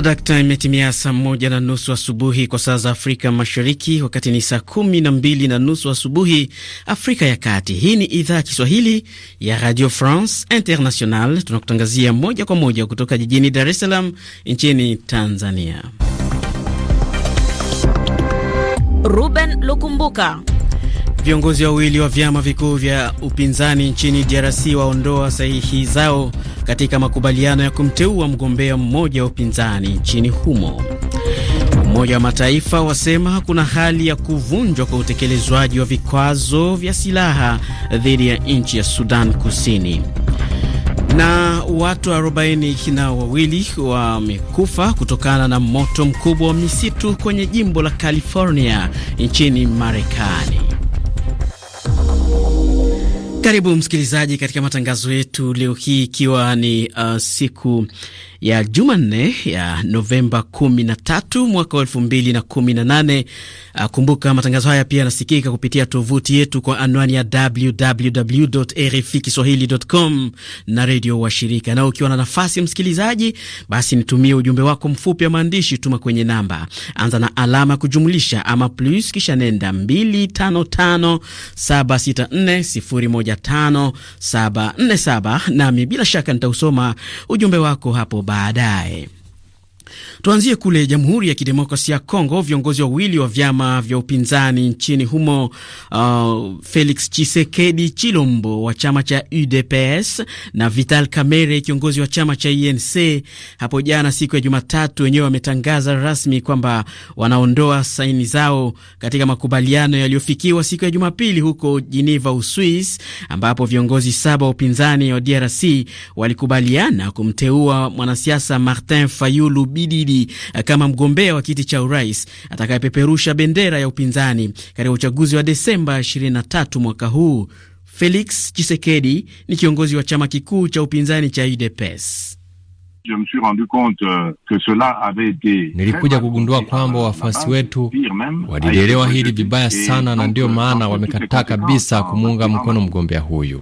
dakta, imetimia saa moja na nusu asubuhi kwa saa za Afrika Mashariki, wakati ni saa kumi na mbili na nusu asubuhi Afrika ya Kati. Hii ni idhaa ya Kiswahili ya Radio France International, tunakutangazia moja kwa moja kutoka jijini Dar es Salaam nchini Tanzania. Ruben Lukumbuka Viongozi wawili wa vyama vikuu vya upinzani nchini DRC waondoa sahihi zao katika makubaliano ya kumteua mgombea mmoja wa upinzani nchini humo. Umoja wa Mataifa wasema kuna hali ya kuvunjwa kwa utekelezwaji wa vikwazo vya silaha dhidi ya nchi ya Sudan Kusini na watu 40 na wawili wamekufa kutokana na moto mkubwa wa misitu kwenye jimbo la California nchini Marekani. Karibu msikilizaji katika matangazo yetu leo hii, ikiwa ni uh, siku ya Jumanne ya Novemba 13 mwaka 2018. Ah, kumbuka matangazo haya pia yanasikika kupitia tovuti yetu kwa anwani ya www.rfikiswahili.com na redio shirika. Na ukiwa na nafasi msikilizaji, basi nitumie ujumbe wako mfupi wa maandishi, tuma kwenye namba, anza na alama kujumlisha ama plus, kisha nenda 255764015747 nami bila shaka nitausoma ujumbe wako hapo ba. ฟาได้ Tuanzie kule Jamhuri ya Kidemokrasia ya Kongo. Viongozi wawili wa vyama vya upinzani nchini humo, uh, Felix Chisekedi Chilombo wa chama cha UDPS na Vital Kamerhe kiongozi wa chama cha inc hapo jana siku ya Jumatatu, wenyewe wametangaza rasmi kwamba wanaondoa saini zao katika makubaliano yaliyofikiwa siku ya Jumapili huko Geneva, Uswis, ambapo viongozi saba wa upinzani wa DRC walikubaliana kumteua mwanasiasa Martin Fayulu Bididi Biden eh, kama mgombea wa kiti cha urais atakayepeperusha bendera ya upinzani katika uchaguzi wa Desemba 23 mwaka huu. Felix chisekedi ni kiongozi wa chama kikuu cha upinzani cha UDPS. Euh, Nilikuja kugundua kwamba wafuasi wetu walilielewa hili vibaya sana, na ndiyo maana wamekataa kabisa kumuunga mkono mgombea huyu.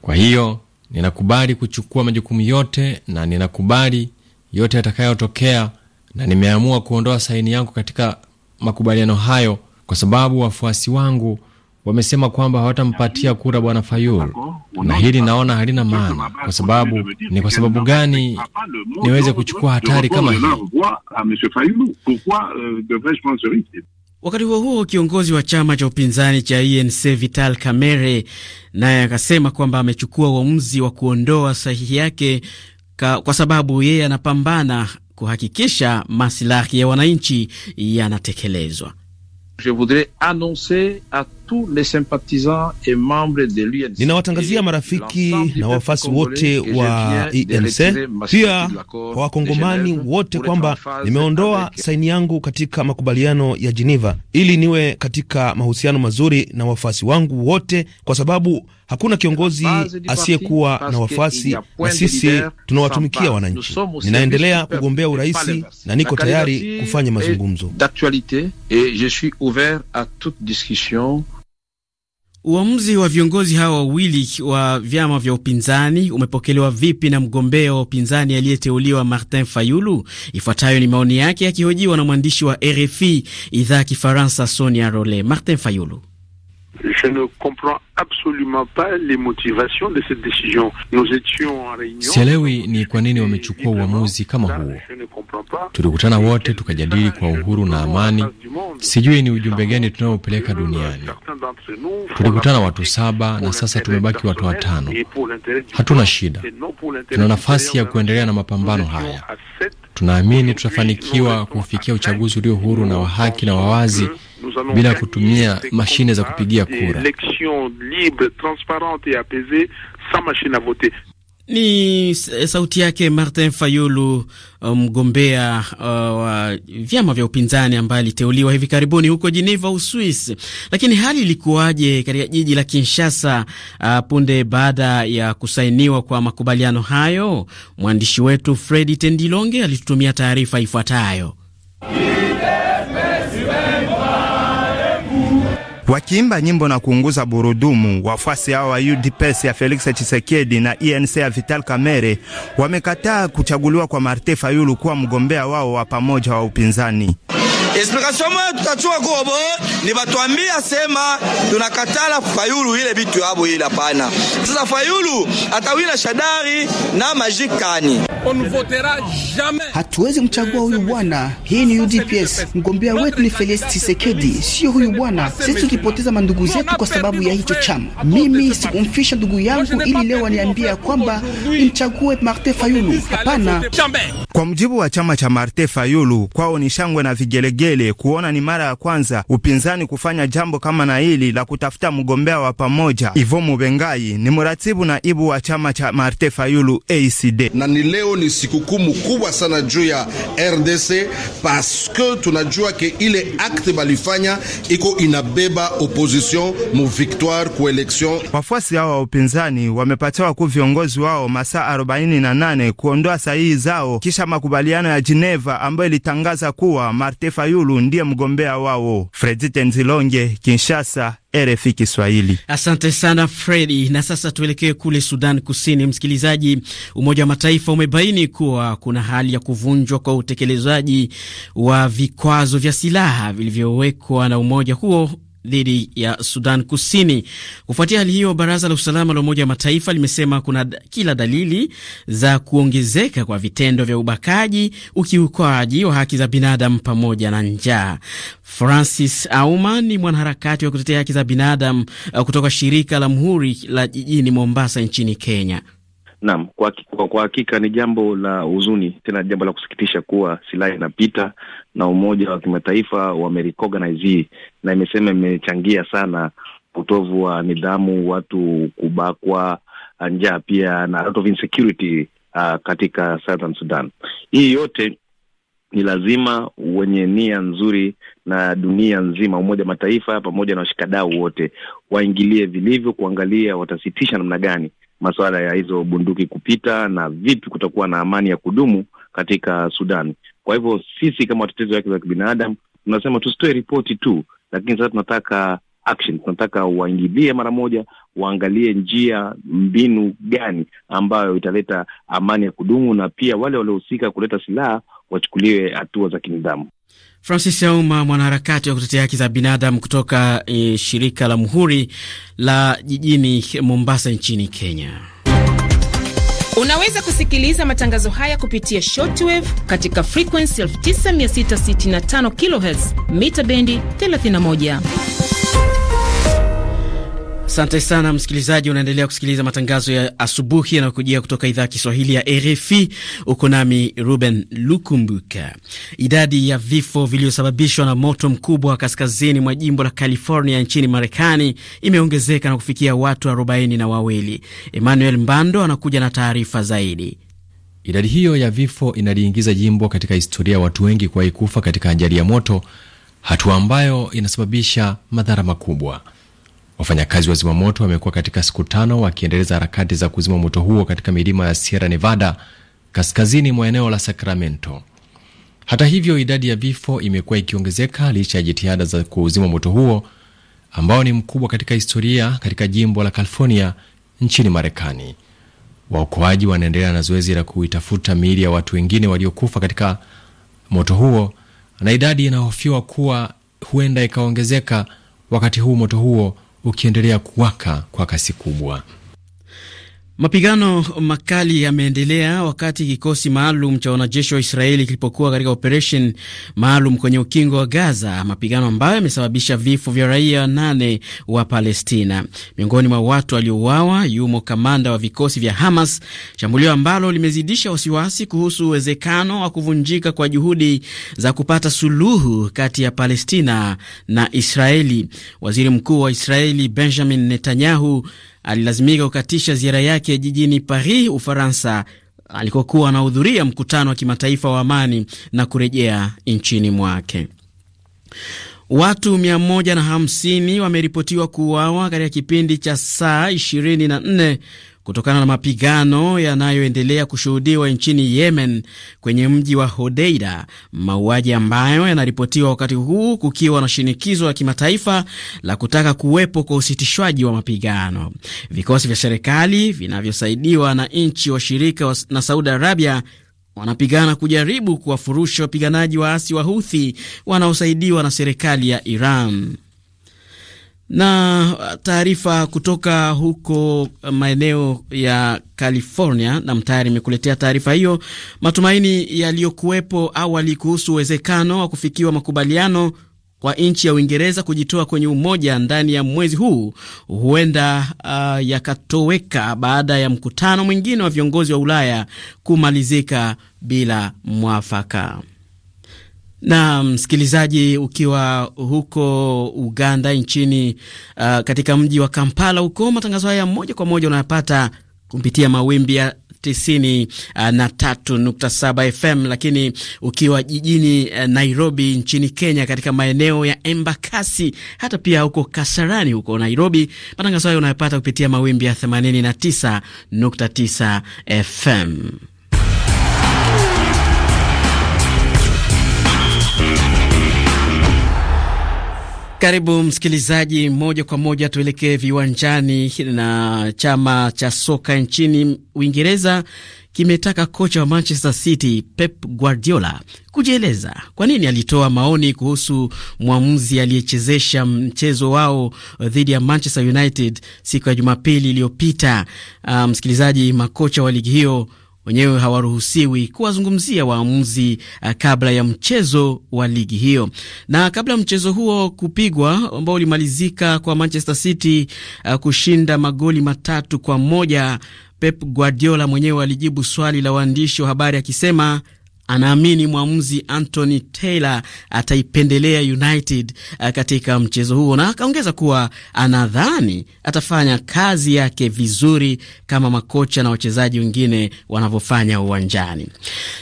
Kwa hiyo ninakubali kuchukua majukumu yote na ninakubali yote yatakayotokea na nimeamua kuondoa saini yangu katika makubaliano hayo kwa sababu wafuasi wangu wamesema kwamba hawatampatia kura bwana Fayul, na hili naona halina maana. Kwa sababu ni kwa sababu gani niweze kuchukua hatari kama hii? Wakati huo huo, kiongozi wa chama cha upinzani cha ENC Vital Kamerhe naye akasema kwamba amechukua uamuzi wa kuondoa sahihi yake kwa sababu yeye anapambana kuhakikisha masilahi ya wananchi yanatekelezwa. Ninawatangazia marafiki na wafasi wote wa ENC pia kwa wakongomani wote kwamba nimeondoa saini yangu katika makubaliano ya Geneva ili niwe katika mahusiano mazuri na wafasi wangu wote, kwa sababu hakuna kiongozi asiyekuwa na wafasi, na sisi tunawatumikia wananchi. Ninaendelea kugombea urahisi na niko tayari kufanya mazungumzo. Uamuzi wa viongozi hawa wawili wa vyama vya upinzani umepokelewa vipi na mgombea wa upinzani aliyeteuliwa Martin Fayulu? Ifuatayo ni maoni yake akihojiwa na mwandishi wa RFI idhaa ya Kifaransa Sonia Role. Martin Fayulu Je ne comprends absolument pas les motivations de cette décision. Nous étions en réunion. Sielewi ni kwa nini wamechukua uamuzi kama huo. Tulikutana wote tukajadili kwa uhuru na amani. Sijui ni ujumbe gani tunaopeleka duniani. Tulikutana watu saba na sasa tumebaki watu watano. Hatuna shida, tuna nafasi ya kuendelea na mapambano haya. Tunaamini tutafanikiwa kufikia uchaguzi ulio huru na wa haki na wawazi bila kutumia mashine za kupigia kura. Ni eh, sauti yake Martin Fayulu, eh, mgombea um, uh, wa vyama vya upinzani ambaye aliteuliwa hivi karibuni huko Geneva, Uswisi. Lakini hali ilikuwaje katika jiji la Kinshasa uh, punde baada ya kusainiwa kwa makubaliano hayo? Mwandishi wetu Fredi Tendilonge alitutumia taarifa ifuatayo. wakiimba nyimbo na kuunguza burudumu. Wafuasi hao wa UDPS ya Felix Tshisekedi na ENC ya Vital Kamerhe wamekataa kuchaguliwa kwa Martin Fayulu kuwa mgombea wao wa pamoja wa upinzani. Explikasyon moya tutachukua kuobo ni batwambia sema tunakatala fayulu ile bitu yabo ile hapana. Sasa fayulu atawina shadari na majikani. Hatuwezi mchagua huyu bwana. Hii ni UDPS, mgombea wetu ni Felix Tshisekedi, sio huyu bwana. Sisi tukipoteza mandugu zetu kwa sababu ya hicho chama. Mimi sikumfisha ndugu yangu ili leo aniambia kwamba nimchague Martin Fayulu, hapana. Kwa mjibu wa chama cha Martin Fayulu, kwao ni shangwe na vigelegele Njele kuona ni mara ya kwanza upinzani kufanya jambo kama na hili la kutafuta mgombea wa pamoja. Ivo mubengai ni mratibu na ibu wa chama cha Marte Fayulu ACD. Na ni leo ni sikukuu kubwa sana juu ya RDC paske tunajua ke ile akte balifanya iko inabeba opposition mu victoire ku election. Wafuasi hao wa upinzani wamepatiwa ku viongozi wao masaa 48 kuondoa sahihi zao kisha makubaliano ya Geneva ambayo ilitangaza kuwa Marte Fayulu Fayulu ndiye mgombea wao. Fredi Tenzilonge, Kinshasa, RFI Kiswahili. Asante sana Fredi. Na sasa tuelekee kule Sudan Kusini. Msikilizaji, Umoja wa Mataifa umebaini kuwa kuna hali ya kuvunjwa kwa utekelezaji wa vikwazo vya silaha vilivyowekwa na umoja huo dhidi ya Sudan Kusini. Kufuatia hali hiyo, baraza la usalama la Umoja wa Mataifa limesema kuna kila dalili za kuongezeka kwa vitendo vya ubakaji, ukiukaji wa haki za binadamu pamoja na njaa. Francis Auma ni mwanaharakati wa kutetea haki za binadamu uh, kutoka shirika la Mhuri la jijini Mombasa nchini Kenya. Naam, kwa, kwa, kwa hakika ni jambo la huzuni, tena jambo la kusikitisha kuwa silaha inapita na Umoja wa Kimataifa wamerecognize hii na imesema imechangia sana utovu wa nidhamu, watu kubakwa, uh, njaa pia na lot of insecurity uh, katika Southern Sudan. Hii yote ni lazima wenye nia nzuri na dunia nzima, Umoja wa Mataifa pamoja na washikadau wote waingilie vilivyo, kuangalia watasitisha namna gani masuala ya hizo bunduki kupita na vipi kutakuwa na amani ya kudumu katika Sudan. Kwa hivyo sisi kama watetezi wake za kibinadamu tunasema tusitoe ripoti tu, lakini sasa tunataka action, tunataka waingilie mara moja, waangalie njia, mbinu gani ambayo italeta amani ya kudumu, na pia wale waliohusika kuleta silaha wachukuliwe hatua za kinidhamu. Francis Auma, mwanaharakati wa kutetea haki za binadamu kutoka e, shirika la Muhuri la jijini Mombasa nchini Kenya. Unaweza kusikiliza matangazo haya kupitia shortwave katika frequency 9665 kHz mita bendi 31. Asante sana msikilizaji, unaendelea kusikiliza matangazo ya asubuhi yanayokujia kutoka idhaa ya Kiswahili ya RFI. Uko nami Ruben Lukumbuka. Idadi ya vifo vilivyosababishwa na moto mkubwa wa kaskazini mwa jimbo la California nchini Marekani imeongezeka na kufikia watu arobaini na wawili. Emmanuel Mbando anakuja na taarifa zaidi. Idadi hiyo ya vifo inaliingiza jimbo katika historia ya watu wengi kuwahi kufa katika ajali ya moto, hatua ambayo inasababisha madhara makubwa. Wafanyakazi wa zimamoto wamekuwa katika siku tano wakiendeleza harakati za kuzima moto huo katika milima ya Sierra Nevada kaskazini mwa eneo la Sacramento. Hata hivyo, idadi ya vifo imekuwa ikiongezeka licha ya jitihada za kuzima moto huo ambao ni mkubwa katika historia katika jimbo la California nchini Marekani. Waokoaji wanaendelea na zoezi la kuitafuta miili ya watu wengine waliokufa katika moto huo, na idadi inahofiwa kuwa huenda ikaongezeka wakati huu moto huo ukiendelea kuwaka kwa kasi kubwa. Mapigano makali yameendelea wakati kikosi maalum cha wanajeshi wa Israeli kilipokuwa katika operesheni maalum kwenye ukingo wa Gaza, mapigano ambayo yamesababisha vifo vya raia wanane wa Palestina. Miongoni mwa watu waliouawa yumo kamanda wa vikosi vya Hamas, shambulio ambalo limezidisha wasiwasi kuhusu uwezekano wa kuvunjika kwa juhudi za kupata suluhu kati ya Palestina na Israeli. Waziri Mkuu wa Israeli Benjamin Netanyahu alilazimika kukatisha ziara yake jijini Paris, Ufaransa, alikokuwa anahudhuria mkutano wa kimataifa wa amani na kurejea nchini mwake. Watu 150 wameripotiwa kuuawa katika kipindi cha saa 24 kutokana na mapigano yanayoendelea kushuhudiwa nchini Yemen kwenye mji wa Hodeida, mauaji ambayo yanaripotiwa wakati huu kukiwa na shinikizo la kimataifa la kutaka kuwepo kwa usitishwaji wa mapigano. Vikosi vya serikali vinavyosaidiwa na nchi washirika na Saudi Arabia wanapigana kujaribu kuwafurusha wapiganaji waasi wa huthi wanaosaidiwa na serikali ya Iran. Na uh, taarifa kutoka huko uh, maeneo ya California, na mtayari imekuletea taarifa hiyo. Matumaini yaliyokuwepo awali kuhusu uwezekano wa kufikiwa makubaliano kwa nchi ya Uingereza kujitoa kwenye umoja ndani ya mwezi huu huenda uh, yakatoweka baada ya mkutano mwingine wa viongozi wa Ulaya kumalizika bila mwafaka. Na msikilizaji, ukiwa huko Uganda nchini uh, katika mji wa Kampala huko, matangazo haya moja kwa moja unayapata kupitia mawimbi ya tisini uh, na tatu nukta saba FM. Lakini ukiwa jijini uh, Nairobi nchini Kenya, katika maeneo ya Embakasi hata pia huko Kasarani huko Nairobi, matangazo hayo unayopata kupitia mawimbi ya themanini na tisa nukta tisa FM. Karibu msikilizaji, moja kwa moja tuelekee viwanjani. Na chama cha soka nchini Uingereza kimetaka kocha wa Manchester City Pep Guardiola kujieleza kwa nini alitoa maoni kuhusu mwamuzi aliyechezesha mchezo wao dhidi ya Manchester United siku ya Jumapili iliyopita. Uh, msikilizaji, makocha wa ligi hiyo wenyewe hawaruhusiwi kuwazungumzia waamuzi eh, kabla ya mchezo wa ligi hiyo. Na kabla mchezo huo kupigwa, ambao ulimalizika kwa Manchester City uh, kushinda magoli matatu kwa moja, Pep Guardiola mwenyewe alijibu swali la waandishi wa habari akisema anaamini mwamuzi Anthony Taylor ataipendelea United uh, katika mchezo huo, na akaongeza kuwa anadhani atafanya kazi yake vizuri kama makocha na wachezaji wengine wanavyofanya uwanjani.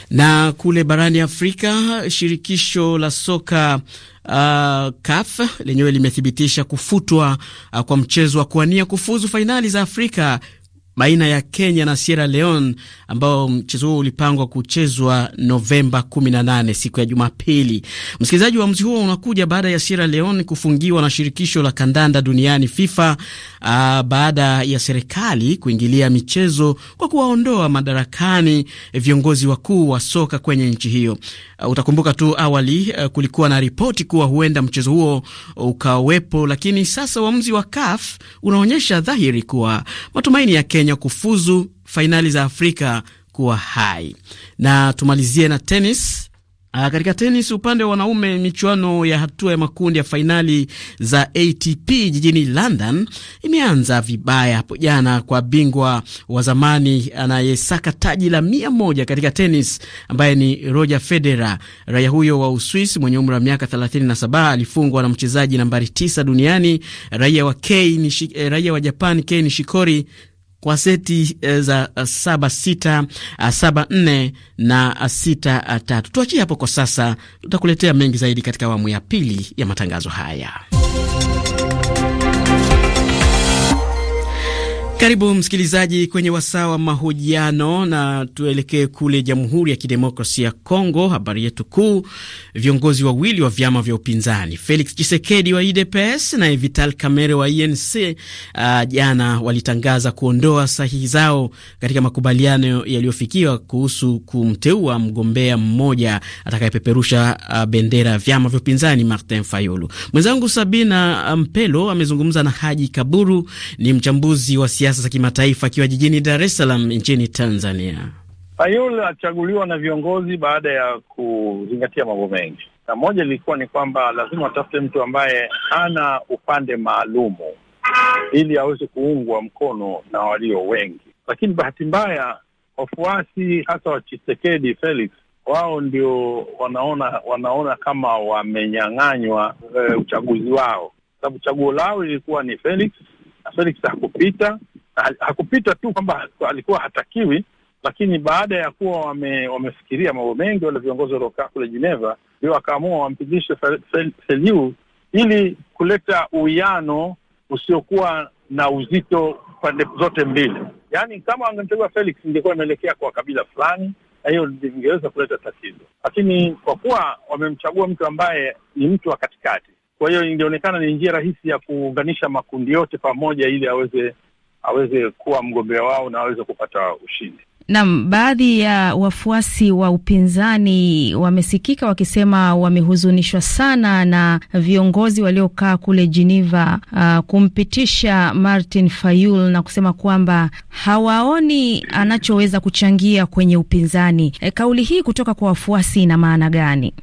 Na kule barani Afrika, shirikisho la soka Uh, CAF lenyewe limethibitisha kufutwa uh, kwa mchezo wa kuwania kufuzu fainali za Afrika baina ya Kenya na Sierra Leone ambao mchezo huo ulipangwa kuchezwa Novemba 18 siku ya Jumapili. Msikilizaji, uamuzi huo unakuja baada ya Sierra Leone kufungiwa na shirikisho la kandanda duniani FIFA, aa, ah, baada ya serikali kuingilia michezo kwa kuwaondoa madarakani viongozi wakuu wa soka kwenye nchi hiyo. Ah, utakumbuka tu awali ah, kulikuwa na ripoti kuwa huenda mchezo huo ukawepo, lakini sasa uamuzi wa CAF unaonyesha dhahiri kuwa matumaini ya Kenya Kenya kufuzu fainali za Afrika kuwa hai. Na tumalizie na tenis. Aa, ah, katika tenis upande wa wanaume, michuano ya hatua ya makundi ya fainali za ATP jijini London imeanza vibaya hapo jana kwa bingwa wa zamani anayesaka taji la mia moja katika tenis ambaye ni Roger Federer. Raia huyo wa Uswisi mwenye umri wa miaka 37 alifungwa na mchezaji nambari 9 duniani raia wa Kei, eh, raia wa Japan Kei Nishikori kwa seti eh, za eh, saba sita eh, saba nne na sita tatu. Tuachie hapo kwa sasa, tutakuletea mengi zaidi katika awamu ya pili ya matangazo haya. Karibu msikilizaji kwenye wasaa wa mahojiano, na tuelekee kule Jamhuri ya Kidemokrasia ya Kongo. Habari yetu kuu, viongozi wawili wa vyama vya upinzani Felix Tshisekedi wa UDPS na Vital Kamerhe wa UNC uh, jana walitangaza kuondoa sahihi zao katika makubaliano yaliyofikiwa kuhusu kumteua mgombea mmoja atakayepeperusha uh, bendera ya vyama vya upinzani, Martin Fayulu. Mwenzangu Sabina uh, Mpelo amezungumza na Haji Kaburu, ni mchambuzi wa siasa siasa za kimataifa akiwa jijini Dar es Salaam nchini Tanzania. Fayulu alichaguliwa na viongozi baada ya kuzingatia mambo mengi, na moja ilikuwa ni kwamba lazima watafute mtu ambaye ana upande maalumu ili aweze kuungwa mkono na walio wengi, lakini bahati mbaya wafuasi hasa wa Chisekedi Felix wao ndio wanaona wanaona kama wamenyang'anywa e, uchaguzi wao, sababu chaguo lao lilikuwa ni Felix na Felix hakupita, hakupita tu kwamba alikuwa hatakiwi, lakini baada ya kuwa wame, wamefikiria mambo mengi wale viongozi waliokaa kule Geneva, ndio wakaamua wampitishe Seliu ili kuleta uwiano usiokuwa na uzito pande zote mbili. Yaani, kama wangemchagua Felix ingekuwa imeelekea kwa kabila fulani, na hiyo ingeweza kuleta tatizo, lakini kwa kuwa wamemchagua mtu ambaye ni mtu wa katikati, kwa hiyo ingeonekana ni njia rahisi ya kuunganisha makundi yote pamoja ili aweze aweze kuwa mgombea wao na aweze kupata ushindi. Naam, baadhi ya wafuasi wa upinzani wamesikika wakisema wamehuzunishwa sana na viongozi waliokaa kule Geneva uh, kumpitisha Martin Fayul na kusema kwamba hawaoni anachoweza kuchangia kwenye upinzani. E, kauli hii kutoka kwa wafuasi ina maana gani?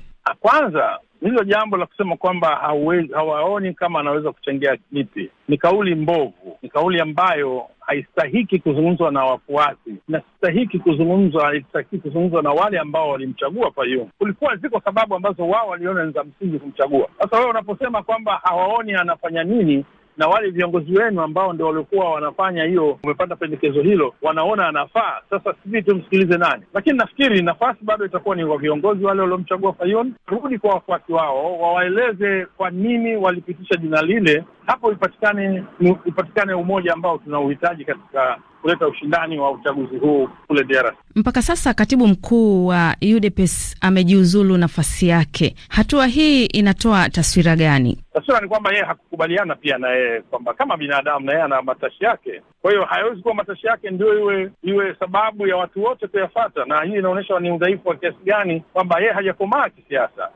Kwanza hilo jambo la kusema kwamba hawezi, hawaoni kama anaweza kuchangia kipi ni kauli mbovu, ni kauli ambayo haistahiki kuzungumzwa na wafuasi na sistahiki kuzungumzwa, haistahiki kuzungumzwa na wale ambao walimchagua Fayum. Kulikuwa ziko sababu ambazo wao waliona ni za msingi kumchagua. Sasa wewe unaposema kwamba hawaoni anafanya nini, na wale viongozi wenu ambao ndio waliokuwa wanafanya hiyo, umepata pendekezo hilo, wanaona anafaa. Sasa sisi tumsikilize nani? Lakini nafikiri nafasi bado itakuwa ni kwa viongozi wale waliomchagua Fayon, rudi kwa wafuasi wao, wawaeleze kwa nini walipitisha jina lile hapo ipatikane ipatikane umoja ambao tunauhitaji katika kuleta ushindani wa uchaguzi huu kule DRC. Mpaka sasa katibu mkuu wa UDPS amejiuzulu nafasi yake. Hatua hii inatoa taswira gani? Taswira ni kwamba yeye hakukubaliana pia na yeye kwamba kama binadamu na yeye ana matashi yake, kwa hiyo hayawezi kuwa matashi yake ndio iwe iwe sababu ya watu wote kuyafata, na hii inaonyesha ni udhaifu wa kiasi gani kwamba yeye hajakomaa kisiasa.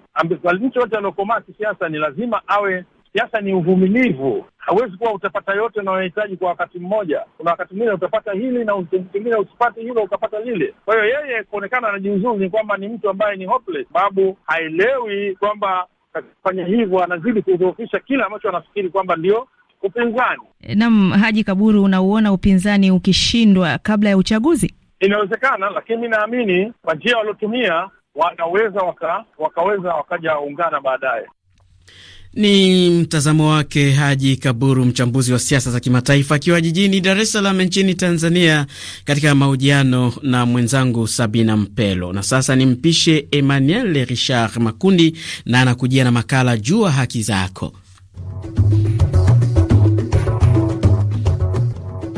Nchi yote aliokomaa kisiasa ni lazima awe siasa ni uvumilivu. Hawezi kuwa utapata yote unayohitaji kwa wakati mmoja. Kuna wakati mwingine utapata hili na pengine usipate hilo ukapata lile. Kwa hiyo yeye kuonekana anajiuzuru ni kwamba ni mtu ambaye ni hopeless, sababu haelewi kwamba akifanya hivyo anazidi kudhoofisha kile ambacho anafikiri kwamba ndio upinzani. E, naam, Haji Kaburu, unauona upinzani ukishindwa kabla ya uchaguzi? Inawezekana, lakini mi naamini kwa njia waliotumia wanaweza waka, wakaweza wakaja ungana baadaye. Ni mtazamo wake Haji Kaburu, mchambuzi wa siasa za kimataifa, akiwa jijini Dar es Salaam nchini Tanzania, katika mahojiano na mwenzangu Sabina Mpelo. Na sasa ni mpishe Emmanuel Richard Makundi, na anakujia na makala Jua Haki Zako.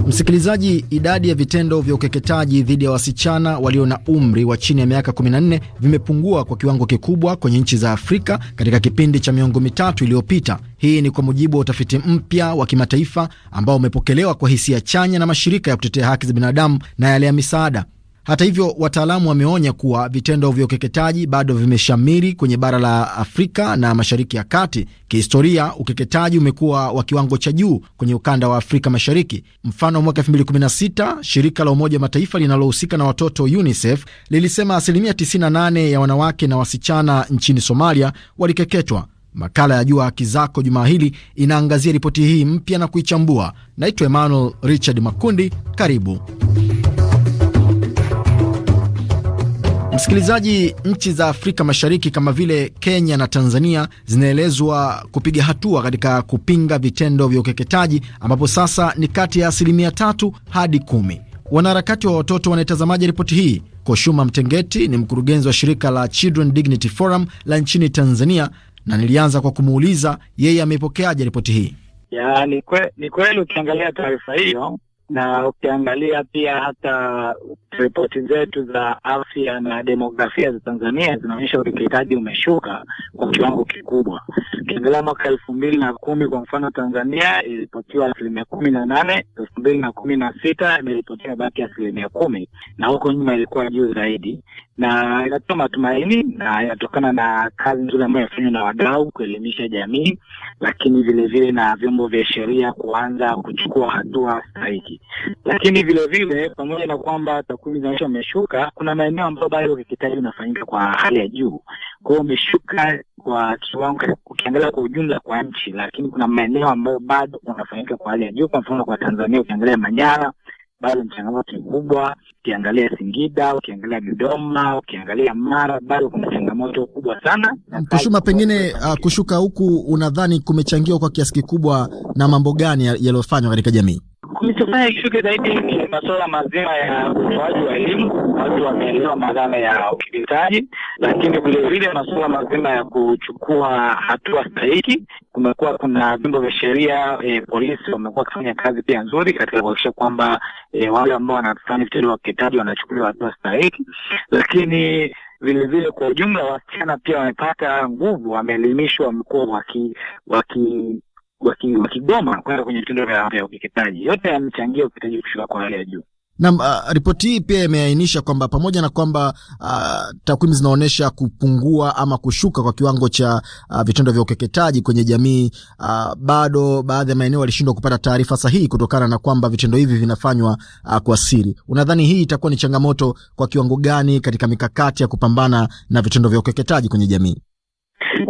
Msikilizaji, idadi ya vitendo vya ukeketaji dhidi ya wasichana walio na umri wa chini ya miaka 14 vimepungua kwa kiwango kikubwa kwenye nchi za Afrika katika kipindi cha miongo mitatu iliyopita. Hii ni kwa mujibu wa utafiti mpya wa kimataifa ambao umepokelewa kwa hisia chanya na mashirika ya kutetea haki za binadamu na yale ya misaada. Hata hivyo, wataalamu wameonya kuwa vitendo vya ukeketaji bado vimeshamiri kwenye bara la Afrika na Mashariki ya Kati. Kihistoria, ukeketaji umekuwa wa kiwango cha juu kwenye ukanda wa Afrika Mashariki. Mfano, mwaka 2016 shirika la Umoja wa Mataifa linalohusika na watoto UNICEF lilisema asilimia 98 ya wanawake na wasichana nchini Somalia walikeketwa. Makala ya Jua Haki Zako jumaa hili inaangazia ripoti hii mpya na kuichambua. Naitwa Emmanuel Richard Makundi, karibu. Msikilizaji, nchi za Afrika Mashariki kama vile Kenya na Tanzania zinaelezwa kupiga hatua katika kupinga vitendo vya ukeketaji ambapo sasa ni kati ya asilimia tatu hadi kumi. Wanaharakati wa watoto wanaitazamaje ripoti hii? Koshuma Mtengeti ni mkurugenzi wa shirika la Children Dignity Forum la nchini Tanzania, na nilianza kwa kumuuliza yeye ameipokeaje ripoti hii. Ya, ni kweli ukiangalia taarifa hiyo na ukiangalia pia hata ripoti zetu za afya na demografia za Tanzania zinaonyesha urikitaji umeshuka kwa kiwango kikubwa. Ukiangalia mwaka elfu mbili na kumi kwa mfano, Tanzania iliripotiwa asilimia kumi na nane elfu mbili na kumi na sita imeripotiwa baki asilimia kumi na huko nyuma ilikuwa juu zaidi, na inatoa matumaini na inatokana na kazi nzuri ambayo inafanywa na wadau kuelimisha jamii, lakini vilevile vile na vyombo vya sheria kuanza kuchukua hatua stahiki. Lakini vile vile, pamoja na kwamba takwimu zinaonyesha umeshuka, kuna maeneo ambayo bado ukeketaji unafanyika kwa hali ya juu, kwa hiyo umeshuka kwa kiwango ukiangalia kwa ujumla kwa nchi, lakini kuna maeneo ambayo bado unafanyika kwa hali ya juu. Kwa mfano kwa Tanzania, ukiangalia Manyara bado ni changamoto kubwa, ukiangalia Singida, ukiangalia Dodoma, ukiangalia Mara, bado kuna changamoto kubwa sana. Kushuma, pengine uh, kushuka huku unadhani kumechangiwa kwa kiasi kikubwa na mambo gani yaliyofanywa katika jamii? Kilichofanya kishuke zaidi ni masuala mazima ya utoaji wa elimu, watu wameelewa madhara ya ukeketaji, lakini vilevile masuala mazima ya kuchukua hatua stahiki. Kumekuwa kuna vyombo vya sheria e, polisi wamekuwa wakifanya kazi pia nzuri katika kuhakikisha kwamba e, wale ambao wanafanya vitendo wa ukeketaji wanachukuliwa hatua stahiki, lakini vilevile kwa ujumla wasichana pia wamepata nguvu, wameelimishwa, wamekuwa waki, waki wakigoma kwenda kwenye vitendo vya ukeketaji. Yote yamechangia ukeketaji kushuka kwa hali ya juu. Nam uh, ripoti hii pia imeainisha kwamba pamoja na kwamba uh, takwimu zinaonyesha kupungua ama kushuka kwa kiwango cha uh, vitendo vya ukeketaji kwenye jamii uh, bado baadhi ya maeneo walishindwa kupata taarifa sahihi kutokana na kwamba vitendo hivi vinafanywa uh, kwa siri. Unadhani hii itakuwa ni changamoto kwa kiwango gani katika mikakati ya kupambana na vitendo vya ukeketaji kwenye jamii?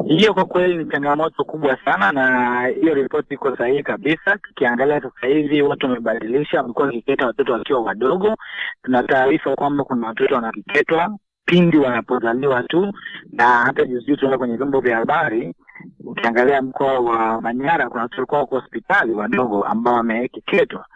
Hiyo kwa kweli ni changamoto kubwa sana, na hiyo ripoti iko sahihi kabisa. Tukiangalia sasa hivi watu wamebadilisha, wamekuwa wakiketa watoto wakiwa wadogo. Tuna taarifa kwamba kuna watoto wanakiketwa pindi wanapozaliwa tu, na hata juzijuzi tuna kwenye vyombo vya habari. Ukiangalia mkoa wa Manyara, kuna watoto kwa hospitali wadogo ambao wamekiketwa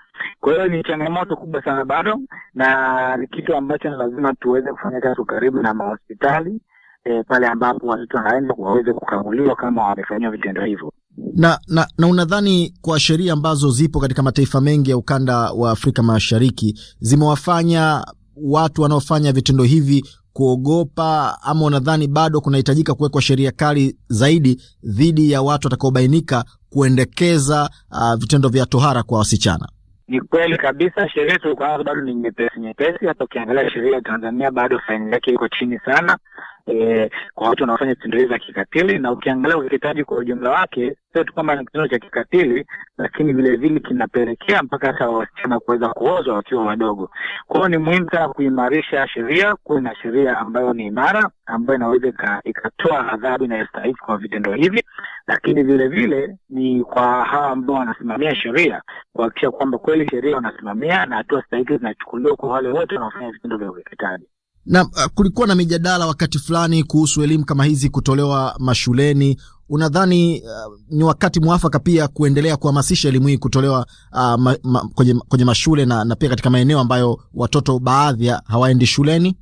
Kwa hiyo ni changamoto kubwa sana bado, na kitu ambacho ni lazima tuweze kufanya kazi karibu na mahospitali e, pale ambapo watoto wanaenda waweze kukaguliwa kama wamefanyiwa vitendo hivyo. Na, na, na unadhani kwa sheria ambazo zipo katika mataifa mengi ya ukanda wa Afrika Mashariki zimewafanya watu wanaofanya vitendo hivi kuogopa ama unadhani bado kunahitajika kuwekwa sheria kali zaidi dhidi ya watu watakaobainika kuendekeza uh, vitendo vya tohara kwa wasichana? Ni kweli kabisa, sheria tulikuwa bado ni nyepesi nyepesi. Hata ukiangalia sheria ya Tanzania bado faini yake iko chini sana, e, kwa watu wanaofanya vitendo hivi za kikatili. Na ukiangalia ukeketaji kwa ujumla wake, sio tu kwamba ni kitendo cha kikatili, lakini vilevile kinapelekea mpaka hata wasichana kuweza kuozwa wakiwa wadogo. Kwa hiyo ni muhimu sana kuimarisha sheria, kuwe na sheria ambayo ni imara, ambayo inaweza ikatoa adhabu inayostahiki kwa vitendo hivi, lakini vilevile ni kwa hawa ambao wanasimamia sheria kuhakikisha kwamba kweli sheria wanasimamia na hatua stahiki zinachukuliwa kwa wale wote wanaofanya vitendo vya ukeketaji. Na uh, kulikuwa na mijadala wakati fulani kuhusu elimu kama hizi kutolewa mashuleni. Unadhani uh, ni wakati mwafaka pia kuendelea kuhamasisha elimu hii kutolewa uh, ma, ma, kwenye, kwenye mashule na, na pia katika maeneo ambayo watoto baadhi hawaendi shuleni?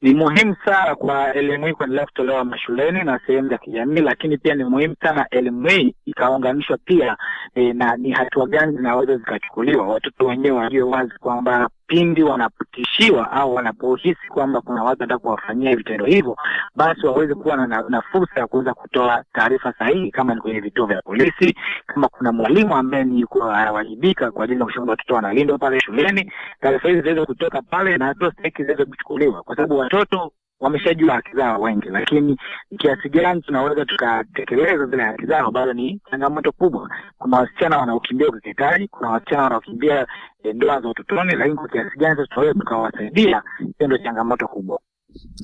Ni muhimu sana kwa elimu hii kuendelea kutolewa mashuleni na sehemu za kijamii, lakini pia ni muhimu sana elimu hii ikaunganishwa pia e, na ni hatua gani zinaweza zikachukuliwa, watoto wenyewe wajue wazi kwamba pindi wanapotishiwa au wanapohisi kwamba kuna watu wanataka kuwafanyia vitendo hivyo, basi waweze kuwa na, na, na fursa ya kuweza kutoa taarifa sahihi, kama ni kwenye vituo vya polisi, kama kuna mwalimu ambaye ni anawajibika kwa ajili ya kushauri watoto wanalindwa pale shuleni, taarifa hizi ziweze kutoka pale na hatua stahiki ziweze kuchukuliwa, kwa sababu watoto wameshajua haki zao wengi, lakini kiasi gani tunaweza tukatekeleza zile haki zao bado ni changamoto kubwa. Kuna wasichana wanaokimbia ukeketaji, kuna wasichana wanaokimbia eh, ndoa za utotoni, lakini kwa kiasi gani tunaweza tukawasaidia? Hiyo ndio changamoto kubwa.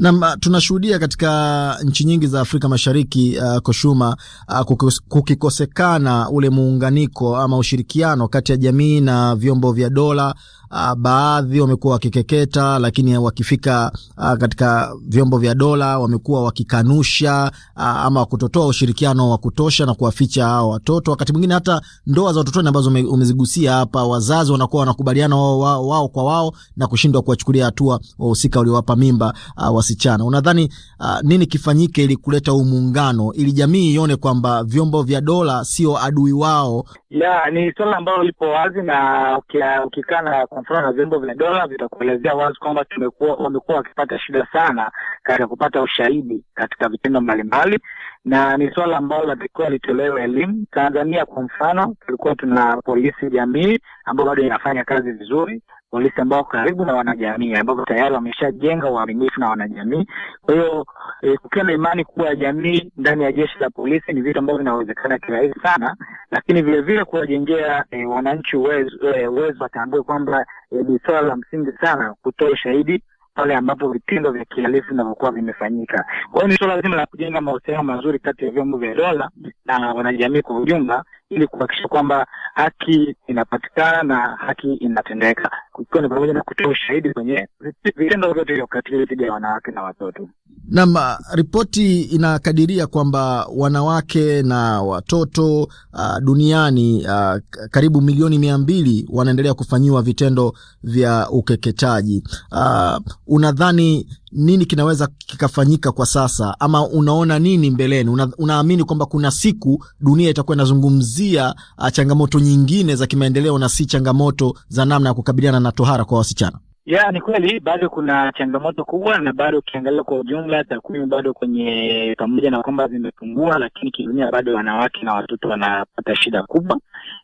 Nam, ah, tunashuhudia katika nchi nyingi za Afrika Mashariki uh, ah, Koshuma uh, ah, kukikosekana ule muunganiko ama ushirikiano kati ya jamii na vyombo vya dola uh, baadhi wamekuwa wakikeketa, lakini wakifika uh, katika vyombo vya dola wamekuwa wakikanusha uh, ama kutotoa ushirikiano wa kutosha na kuwaficha hao watoto. Wakati mwingine hata ndoa za utotoni ambazo umezigusia hapa, wazazi wanakuwa wanakubaliana wao, wao, wao kwa wao na kushindwa kuwachukulia hatua wahusika waliowapa mimba uh, wasichana. Unadhani uh, nini kifanyike ili kuleta huu muungano ili jamii ione kwamba vyombo vya dola sio adui wao? Ya, ni swala ambalo lipo wazi na ukikaa na mfano na vyombo vya dola vitakuelezea wazi kwamba tumekuwa wamekuwa wakipata shida sana katika kupata ushahidi katika vitendo mbalimbali, na ni suala ambalo latakiwa litolewe elimu. Tanzania kwa mfano, tulikuwa tuna polisi jamii ambayo bado inafanya kazi vizuri, polisi ambao karibu na wanajamii, ambapo tayari wameshajenga uaminifu na wanajamii. Kwa hiyo e, kukiwa na imani kuwa jamii ndani ya jeshi la polisi ni vitu ambavyo vinawezekana kirahisi sana, lakini vilevile kuwajengea e, wananchi eh, uwezo watambue kwamba ni swala la msingi sana kutoa ushahidi pale ambapo vitendo vya kihalifu vinavyokuwa vimefanyika. Kwa hiyo ni suala zima la kujenga mahusiano mazuri kati ya vyombo vya dola na wanajamii kwa ujumla, ili kuhakikisha kwamba haki inapatikana na haki inatendeka, ikiwa ni pamoja na kutoa ushahidi kwenye vitendo vyote vya ukatili dhidi ya wanawake na watoto. Naam, uh, ripoti inakadiria kwamba wanawake na watoto uh, duniani uh, karibu milioni mia mbili wanaendelea kufanyiwa vitendo vya ukeketaji. Uh, unadhani nini kinaweza kikafanyika kwa sasa, ama unaona nini mbeleni? Una, unaamini kwamba kuna siku dunia itakuwa inazungumzia ah, changamoto nyingine za kimaendeleo na si changamoto za namna ya kukabiliana na tohara kwa wasichana? Ya, ni kweli bado kuna changamoto kubwa, na bado ukiangalia kwa ujumla takwimu bado kwenye, pamoja na kwamba zimepungua, lakini kidunia bado wanawake na watoto wanapata shida kubwa.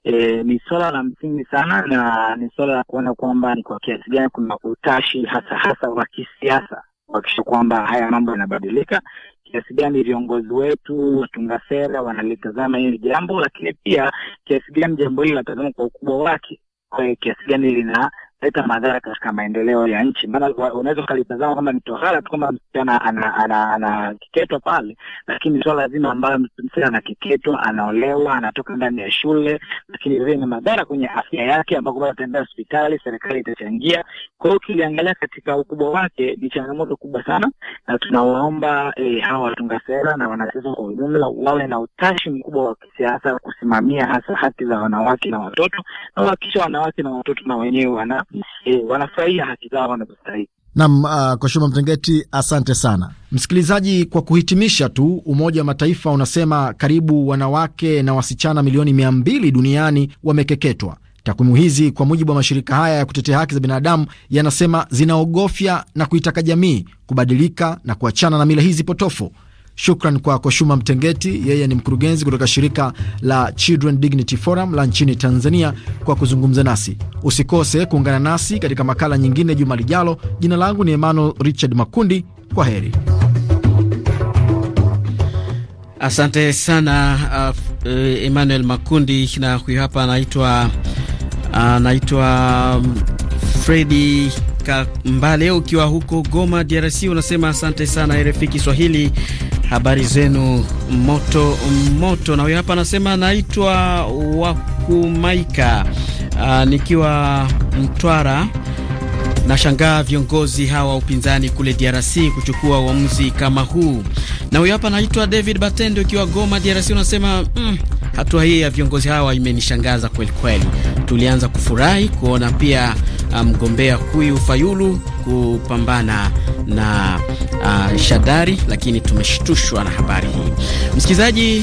E, ni swala la msingi sana, na ni swala la kuona kwamba ni kwa kiasi gani kuna utashi hasa hasa wa kisiasa kuhakikisha kwamba haya mambo yanabadilika, kiasi gani viongozi wetu watunga sera wanalitazama hili jambo, lakini pia kiasi gani jambo hili linatazama kwa ukubwa wake, kiasi gani lina leta madhara katika maendeleo ya nchi. Maana unaweza ukalitazama kama ni tohara tu kama msichana anakeketwa ana, ana, pale, lakini swala zima ambayo msichana anakeketwa, anaolewa, anatoka ndani ya shule, lakini vile na madhara kwenye afya yake, ambapo bado ataenda hospitali, serikali itachangia. Kwa hiyo ukiliangalia katika ukubwa wake ni changamoto kubwa sana, na tunawaomba eh, hawa watunga sera na wanasiasa kwa ujumla wawe na utashi mkubwa wa kisiasa kusimamia hasa haki za wanawake na watoto na kuhakikisha wanawake na watoto na wenyewe wana e, wanafurahia haki zao wanavyostahili. Nam uh, Kwashuma Mtengeti, asante sana msikilizaji. Kwa kuhitimisha tu, Umoja wa Mataifa unasema karibu wanawake na wasichana milioni mia mbili duniani wamekeketwa. Takwimu hizi kwa mujibu wa mashirika haya ya kutetea haki za binadamu yanasema zinaogofya na kuitaka jamii kubadilika na kuachana na mila hizi potofu. Shukran kwako Shuma Mtengeti, yeye ni mkurugenzi kutoka shirika la Children Dignity Forum la nchini Tanzania, kwa kuzungumza nasi. Usikose kuungana nasi katika makala nyingine juma lijalo. Jina langu ni Emmanuel Richard Makundi, kwa heri. Asante sana uh, Emmanuel Makundi. Na huyu hapa anaitwa uh, anaitwa um, Fredi Mbale, ukiwa huko Goma, DRC, unasema asante sana RFI Kiswahili habari zenu moto moto. Na huyo hapa anasema naitwa Wakumaika, ah, nikiwa Mtwara. Nashangaa viongozi hawa upinzani kule DRC kuchukua uamuzi kama huu. Na huyo hapa anaitwa David Batendo, ukiwa Goma, DRC, unasema mm, hatua hii ya viongozi hawa imenishangaza kweli kweli. Tulianza kufurahi kuona pia ah, mgombea um, huyu Fayulu kupambana na uh, ah, Shadari, lakini tumeshtushwa na habari hii. Msikilizaji,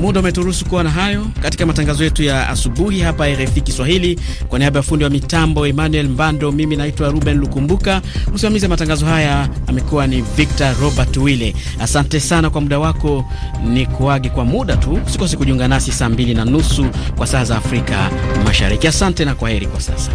muda umeturuhusu kuwa na hayo katika matangazo yetu ya asubuhi hapa RFI Kiswahili. Kwa niaba ya fundi wa mitambo Emmanuel Mbando, mimi naitwa Ruben Lukumbuka. Msimamizi wa matangazo haya amekuwa ni Victor Robert Wille. Asante sana kwa muda wako, ni kuage kwa muda tu. Usikose kujiunga nasi saa mbili na nusu kwa saa za Afrika Mashariki. Asante na kwa heri kwa sasa.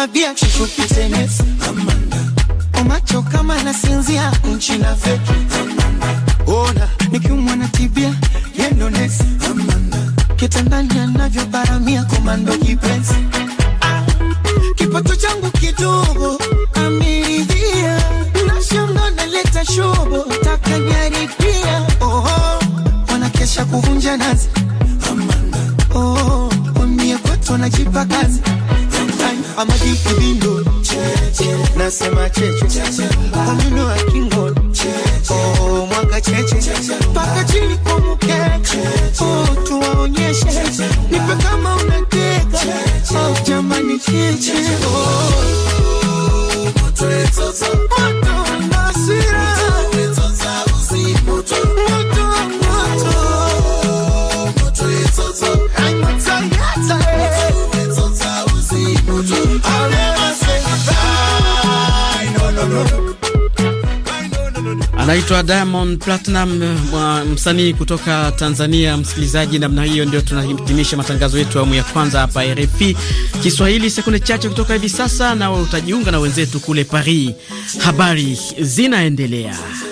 sabia que chupite to Nasema cheche, kwa mimi kingo. Oh, oh, mwanga cheche, paka chini kwa mkeka. Oh, tuwaonyeshe, nipe kama unateka. jamani cheche. Oh, moto yetu moto. Anaitwa Diamond Platinum, msanii kutoka Tanzania. Msikilizaji, namna hiyo ndio tunahitimisha matangazo yetu awamu ya kwanza hapa RFI Kiswahili. Sekunde chache kutoka hivi sasa, nawe utajiunga na wenzetu kule Paris. Habari zinaendelea.